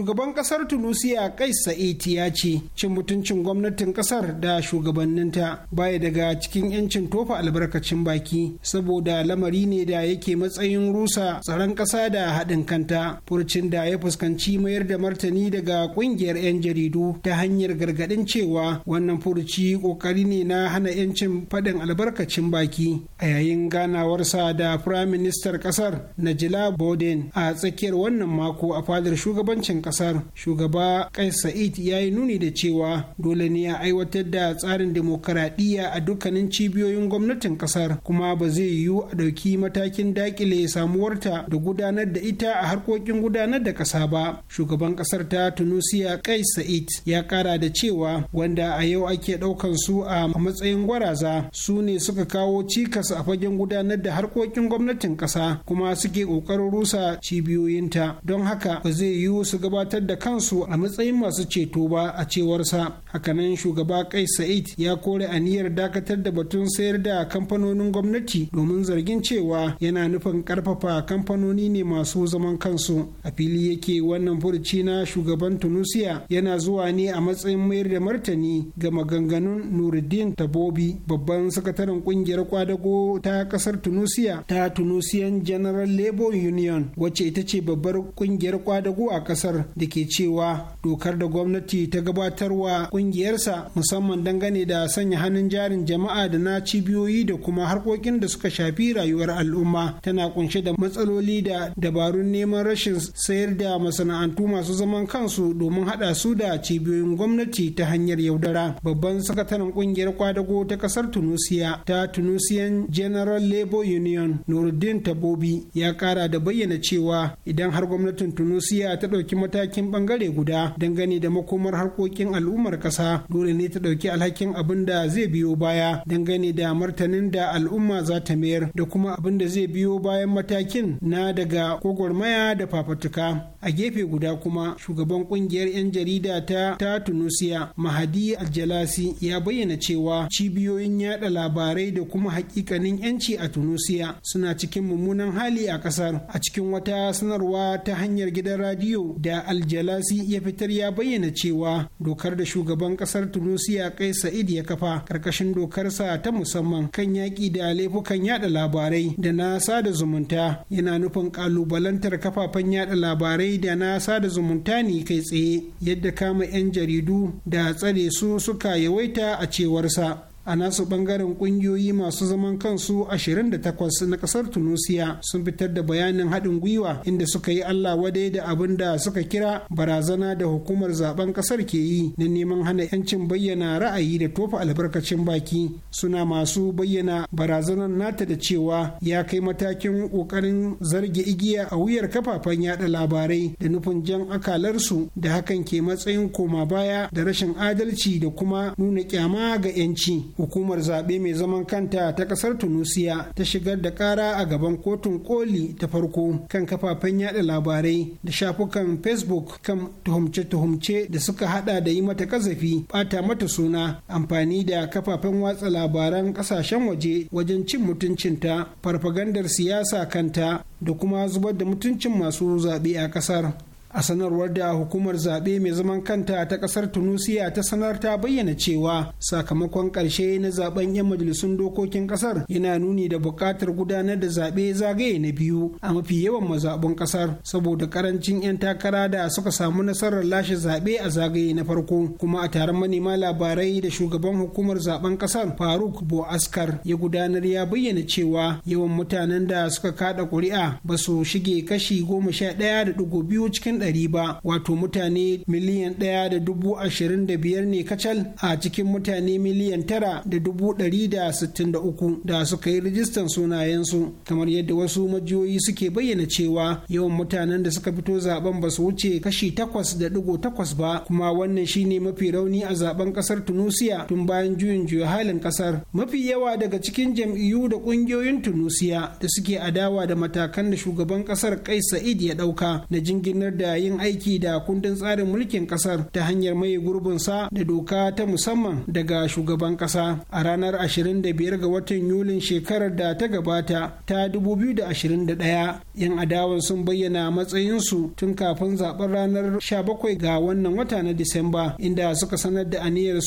shugaban kasar tunisia kais sa'id ya ce cin mutuncin gwamnatin kasar da shugabanninta baya daga cikin 'yancin tofa albarkacin baki saboda lamari ne da yake matsayin rusa tsaron kasa da haɗin kanta furcin da ya fuskanci mayar da martani daga ƙungiyar 'yan jaridu ta hanyar gargaɗin cewa wannan furci ƙoƙari ne na hana 'yancin faɗin albarkacin baki a yayin ganawarsa da firaministan ƙasar najila boden a tsakiyar wannan mako a fadar shugabancin kasar. kasar shugaba kai sa'id ya yi nuni da cewa dole ne a aiwatar da tsarin demokaradiyya a dukkanin cibiyoyin gwamnatin kasar kuma ba zai yiwu a ɗauki matakin dakile samuwarta da gudanar da ita a harkokin gudanar da ƙasa ba shugaban kasar ta tunisia kai sa'id ya kara da cewa wanda a yau ake ɗaukan su a matsayin gwaraza su ne suka kawo cikas a fagen gudanar da harkokin gwamnatin ƙasa kuma suke ƙoƙarin rusa cibiyoyinta don haka ba zai yiwu su gabatar gabatar da kansu a matsayin masu ceto ba a cewarsa hakanan shugaba kai sa'id ya kore aniyar dakatar da batun sayar da kamfanonin gwamnati domin zargin cewa yana nufin karfafa kamfanoni ne masu zaman kansu a fili yake wannan furuci na shugaban tunusiya yana zuwa ne a matsayin mayar da martani ga maganganun nuruddin tabobi babban sakataren kungiyar kwadago ta kasar tunisia ta tunisian general labor union wacce ita ce babbar kungiyar kwadago a kasar da ke cewa dokar da gwamnati ta gabatarwa kungiyarsa musamman dangane da sanya hannun jarin jama'a da na cibiyoyi da kuma harkokin da suka shafi rayuwar al'umma tana kunshe da matsaloli da dabarun neman rashin sayar da masana'antu masu zaman kansu domin hada su da cibiyoyin gwamnati ta hanyar yaudara babban sakataren kungiyar kwadago ta kasar tunisia ta tunisian general labor union nuruddin tabobi ya kara da bayyana cewa idan har gwamnatin tunisia ta ɗauki matakin bangare guda dangane da makomar harkokin al'ummar kasa dole ne ta ɗauki alhakin abin da zai biyo baya dangane da martanin da al'umma za ta mayar da kuma abin da zai biyo bayan matakin na daga maya da fafatuka a gefe guda kuma shugaban kungiyar 'yan jarida ta ta Tunusiya mahadi aljalasi ya bayyana cewa cibiyoyin yada labarai da kuma hakikanin 'yanci a tunusiya suna cikin mummunan hali a kasar a cikin wata sanarwa ta hanyar gidan radiyo da aljalasi ya fitar ya bayyana cewa dokar da shugaban kasar tunusiya kai sa'id ya kafa karkashin dokarsa ta musamman kan yaƙi da laifukan yada labarai da na sada zumunta yana nufin kalubalantar kafafen yada labarai labarai da na sada zumunta ne kai tsaye yadda kama 'yan jaridu da tsare su suka yawaita a cewarsa a nasu bangaren kungiyoyi masu zaman kansu 28 na kasar tunisia sun fitar da bayanin haɗin gwiwa inda suka yi allah wadai da abin da suka kira barazana da hukumar zaben kasar ke yi na neman hana 'yancin bayyana ra'ayi da tofa albarkacin baki suna masu bayyana barazanar nata da cewa ya kai matakin ƙoƙarin zarge igiya a wuyar kafafen yada labarai da nufin jan akalarsu da hakan ke matsayin koma baya da rashin adalci da kuma nuna kyama ga 'yanci hukumar zaɓe mai zaman kanta ta ƙasar tunisia ta shigar da ƙara a gaban kotun koli ta farko kan kafafen yada labarai da shafukan facebook kan tuhumce-tuhumce da suka hada da yi mata kazafi bata mata suna amfani da kafafen watsa labaran ƙasashen waje wajen cin mutuncinta farfagandar siyasa kanta da kuma zubar da mutuncin masu zaɓe a ƙasar a sanarwar da hukumar zaɓe mai zaman kanta ta ƙasar tunisia ta sanar ta bayyana cewa sakamakon ƙarshe na zaɓen 'yan majalisun dokokin ƙasar yana nuni da buƙatar gudanar da zaɓe zagaye na biyu a mafi yawan mazaɓun ƙasar saboda ƙarancin 'yan takara da suka samu nasarar lashe zaɓe a zagaye na farko kuma a taron manema labarai da shugaban hukumar zaɓen ƙasar faruk boaskar ya gudanar ya bayyana cewa yawan mutanen da suka kaɗa ƙuri'a ba su shige kashi goma sha ɗaya da ɗigo biyu cikin ɗari ba wato mutane miliyan ɗaya da dubu ashirin da biyar ne kacal a cikin mutane miliyan tara da dubu ɗari da sittin da uku da suka yi rijistan sunayensu kamar yadda wasu majiyoyi suke bayyana cewa yawan mutanen da suka fito zaben ba su wuce kashi takwas da digo takwas ba kuma wannan shine mafi rauni a zaben ƙasar tunusiya tun bayan juyin juya halin ƙasar. mafi yawa daga cikin jam'iyyu da ƙungiyoyin tunusiya da suke adawa da matakan da shugaban ƙasar kai sa'id ya ɗauka na jinginar da da yin aiki da kundin tsarin mulkin kasar ta hanyar mai gurbinsa da doka ta musamman daga shugaban kasa a ranar 25 ga watan yulin shekarar da ta gabata ta 2021 yan adawan sun bayyana matsayinsu tun kafin zaben ranar 17 ga wannan wata na disamba inda suka sanar da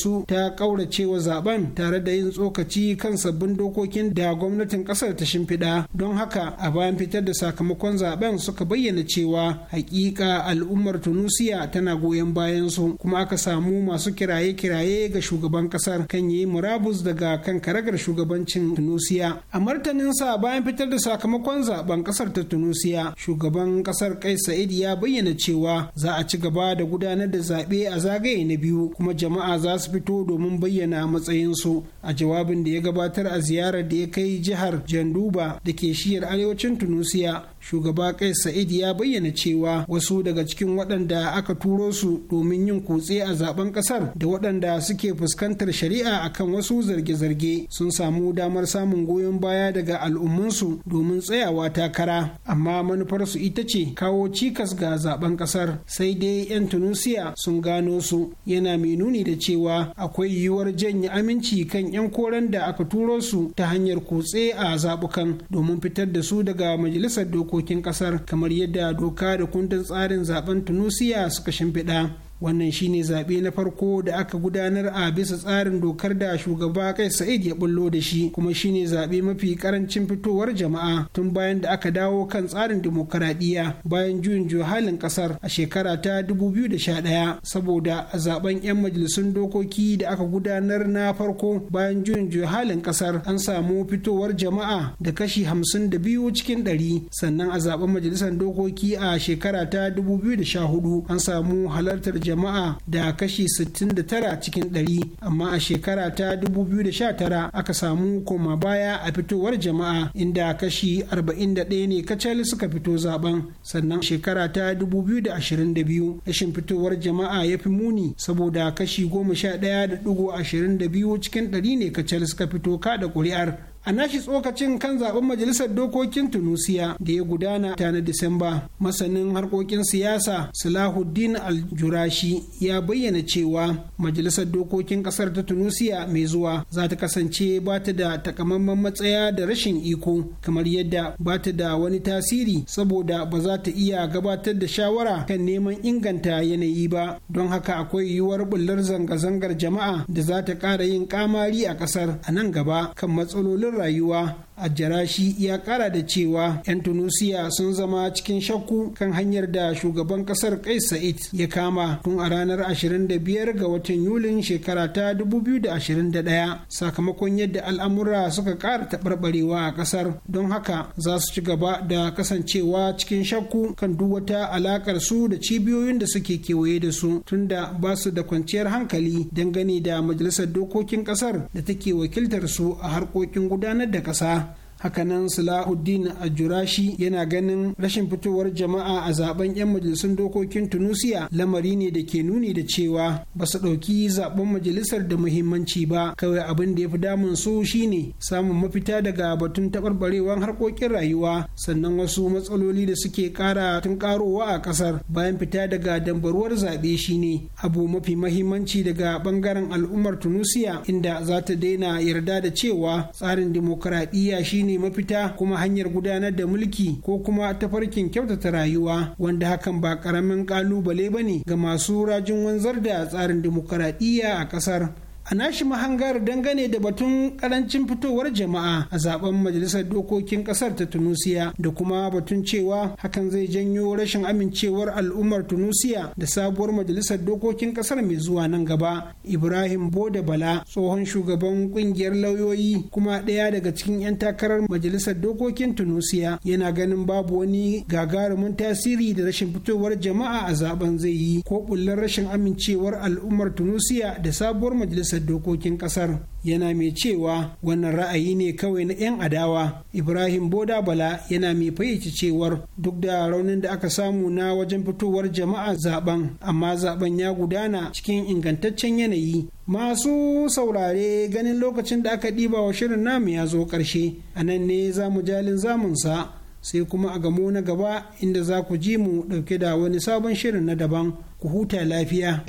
su ta kauracewa zaben tare da yin tsokaci kan sabbin dokokin da gwamnatin kasar ta shimfiɗa don haka a bayan fitar da sakamakon zaben suka bayyana cewa hakika a al'ummar tunusiya tana goyon bayan su kuma aka samu masu kiraye-kiraye ga shugaban kasar kan yi murabus daga kan karagar shugabancin tunusiya a martanin sa bayan fitar da sakamakon zaben kasar ta tunusiya shugaban kasar kai sa'id ya bayyana cewa za a ci gaba da gudanar da zaɓe a zagaye na biyu kuma jama'a za su fito domin bayyana matsayin su a jawabin da ya gabatar a ziyarar da ya kai jihar janduba da ke shiyar arewacin tunusiya shugaba kai sa'id ya bayyana cewa wasu daga cikin waɗanda aka turo su domin yin kutse a zaben ƙasar da waɗanda suke fuskantar shari'a akan wasu zarge-zarge sun samu damar samun goyon baya daga al'ummansu domin tsayawa takara amma manufarsu ita ce kawo cikas ga zaben ƙasar sai dai 'yan tunisia sun gano su yana mai nuni da cewa akwai yiwuwar janye aminci kan 'yan koren da aka turo su ta hanyar kutse a zaɓukan domin fitar da su daga majalisar dokoki dokokin kasar kamar yadda doka da kundin tsarin zaben tunusiya suka shimfiɗa wannan shine zaɓe na farko da aka gudanar a bisa tsarin dokar da shugaba kai sa'id ya bullo da shi kuma shine zaɓe mafi karancin fitowar jama'a tun bayan da aka dawo kan tsarin dimokuraɗiyya bayan juyin halin ƙasar a shekara ta 2011 saboda a zaben 'yan majalisun dokoki da aka gudanar na farko bayan juyin halin ƙasar an samu fitowar jama'a da kashi hamsin da biyu cikin 100 sannan a zaben majalisar dokoki a shekara ta 2014 an samu halartar jama'a da kashi 69 cikin 100 amma a shekara ta 2019 aka samu koma baya a fitowar jama'a inda kashi 41 ne kacal suka fito zaben sannan shekara ta 2022 rashin fitowar jama'a ya fi muni saboda kashi 11.22 cikin 100 ne kacal suka fito kada ƙuri'ar. a nashi tsokacin kan zaben majalisar dokokin tunusiya da ya gudana ta na disamba masanin harkokin siyasa salahuddin aljurashi ya bayyana cewa majalisar dokokin kasar ta tunusiya mai zuwa za ta kasance ba ta da takamaiman matsaya da rashin iko kamar yadda ba ta da wani tasiri saboda ba za ta iya gabatar da shawara kan neman inganta yanayi ba don haka akwai yiwuwar bullar zanga-zangar jama'a da za ta ƙara yin kamari a ƙasar a nan gaba kan matsalolin rayuwa a jarashi ya kara da cewa 'yan tunisia sun zama cikin shakku kan hanyar da shugaban kasar kai Sa'id ya kama tun a ranar 25 ga watan Yulin shekara ta 2021 sakamakon yadda al'amura suka kara taɓarɓarewa a kasar don haka za su ci gaba da kasancewa cikin shakku kan duk wata alaƙar su da cibiyoyin da suke kewaye da su tunda ba su da kwanciyar hankali dangane da majalisar dokokin kasar da take wakiltar su a harkokin gudanar da ƙasa. hakanan salahuddin ajurashi yana ganin rashin fitowar jama'a a zaben 'yan majalisun dokokin tunusiya lamari ne da ke nuni da cewa ba su ɗauki zaben majalisar da muhimmanci ba kawai abin da ya fi damun su shine samun mafita daga batun taɓarɓarewar harkokin rayuwa sannan wasu matsaloli da suke ƙara tun ƙarowa a ƙasar bayan fita daga dambaruwar zaɓe shine abu mafi mahimmanci daga ɓangaren al'ummar tunusiya inda za ta daina yarda da cewa tsarin dimokuraɗiyya shine ne mafita kuma hanyar gudanar da mulki ko kuma tafarkin kyautata rayuwa wanda hakan ba karamin kalubale ba ne ga masu rajin wanzar da tsarin dimokuraɗiyya a ƙasar a nashi mahangar dangane da batun karancin fitowar jama'a a zaben majalisar dokokin kasar ta tunusiya da kuma batun cewa hakan zai janyo rashin amincewar al'ummar tunusiya da sabuwar majalisar dokokin kasar mai zuwa nan gaba ibrahim boda bala tsohon shugaban kungiyar lauyoyi kuma ɗaya daga cikin 'yan takarar majalisar dokokin tunusiya yana ganin babu wani gagarumin tasiri da rashin fitowar jama'a a zaben zai yi ko bullar rashin amincewar al'ummar tunusiya da sabuwar majalisar majalisar dokokin kasar yana mai cewa wannan ra'ayi ne kawai na 'yan adawa ibrahim boda bala yana mai fayyace cewar duk da raunin da aka samu na wajen fitowar jama'a zaben amma zaben ya gudana cikin ingantaccen yanayi masu saurare ganin lokacin da aka ɗiba wa shirin namu ya zo ƙarshe a nan ne za mu jalin zamunsa sai kuma a gamo na gaba inda za ku ji mu ɗauke da wani sabon shirin na daban ku huta lafiya.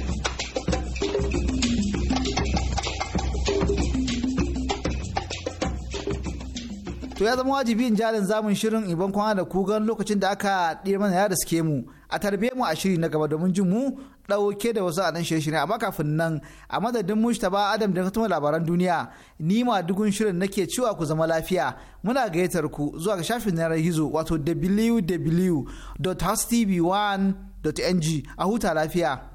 to ya zama wajibi in jarin zamun shirin iban kwana da kugan lokacin da aka ɗira mana ya riske mu a tarbe mu a shiri na gaba domin jin mu ɗauke da wasu anan shirye-shirye amma kafin nan a madadin ba adam da kuma labaran duniya ni ma dukun shirin nake cewa ku zama lafiya muna gayyatar ku zuwa ga shafin yanar gizo wato www.hostv1.ng a huta lafiya.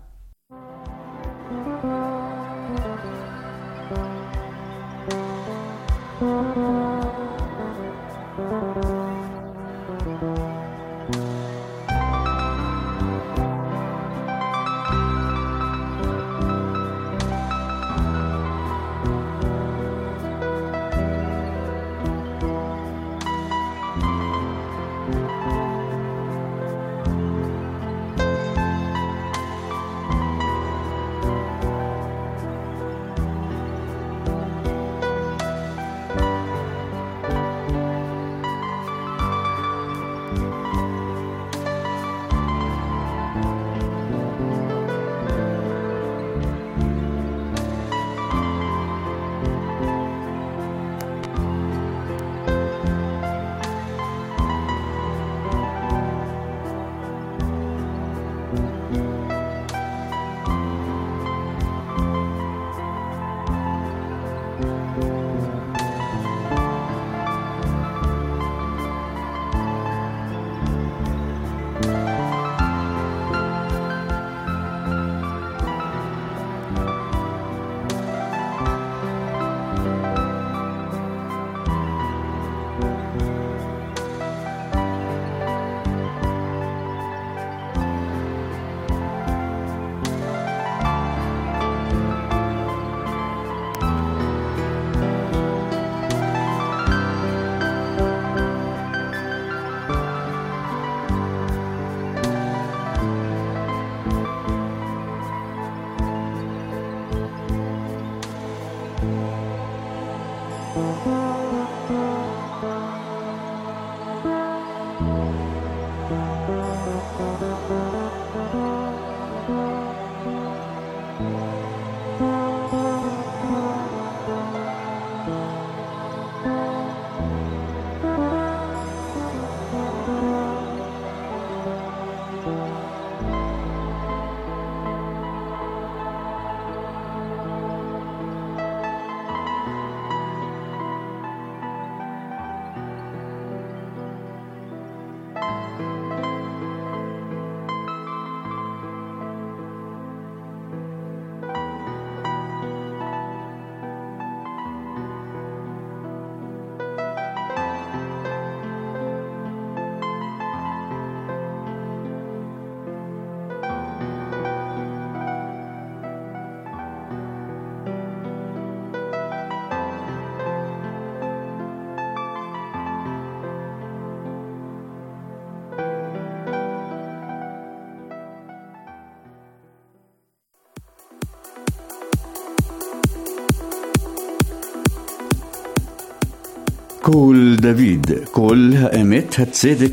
קול דוד, קול האמת, הצדק